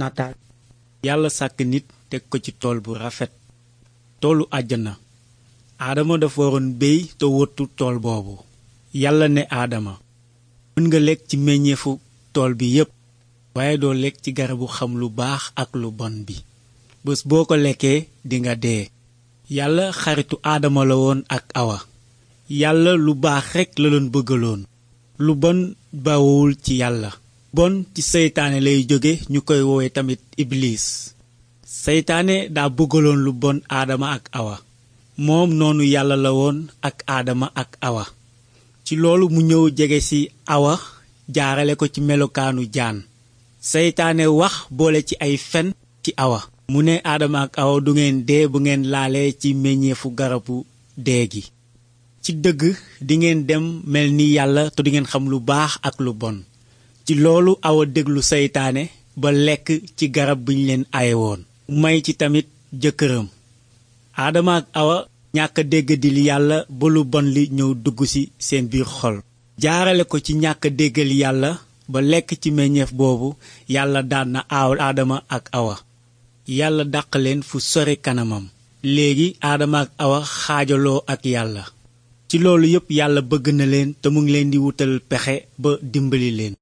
nataal yàlla sàkk nit teg ko ci tool bu rafet toolu àjjana aadama dafa waroon béy te wotu tool boobu yàlla ne aadama mën nga lekk ci meññeefu tool bi yépp waaye doo lekk ci garabu xam lu baax ak lu bon bi bés boo ko lekkee dinga dee yàlla xaritu aadama la woon ak awa yàlla lu baax rekk la leen bëggaloon lu bon bawowul ci yàlla bon ci seytaane lay jóge ñu koy woowe tamit iblis seytaane daa bëggaloon lu bon aadama ak awa moom noonu yàlla la woon ak aadama ak awa ci loolu mu ñëw jege ci awa jaarale ko ci melokaanu jaan seytaane wax boole ci ay fen ci awa mu ne aadama ak awa du ngeen dee bu ngeen laalee ci meññeefu garabu dee gi ci dëgg dingeen dem mel ni yàlla te du ngeen xam lu baax ak lu bon ci loolu awa déglu seytaane ba lekk ci garab bi ñu leen ayewoon may ci tamit jëkkëram aadama ak awa ñàkk dégg li yàlla ba lu bon li ñëw dugg ci seen biir xol jaarale ko ci ñàkk déggal yàlla ba lekk ci meññeef boobu yàlla daan na aawal aadama ak awa yàlla dàq leen fu sori kanamam léegi aadama ak awa xaajaloo ak yàlla ci loolu yépp yàlla bëgg na leen te mu ngi leen di wutal pexe ba dimbali leen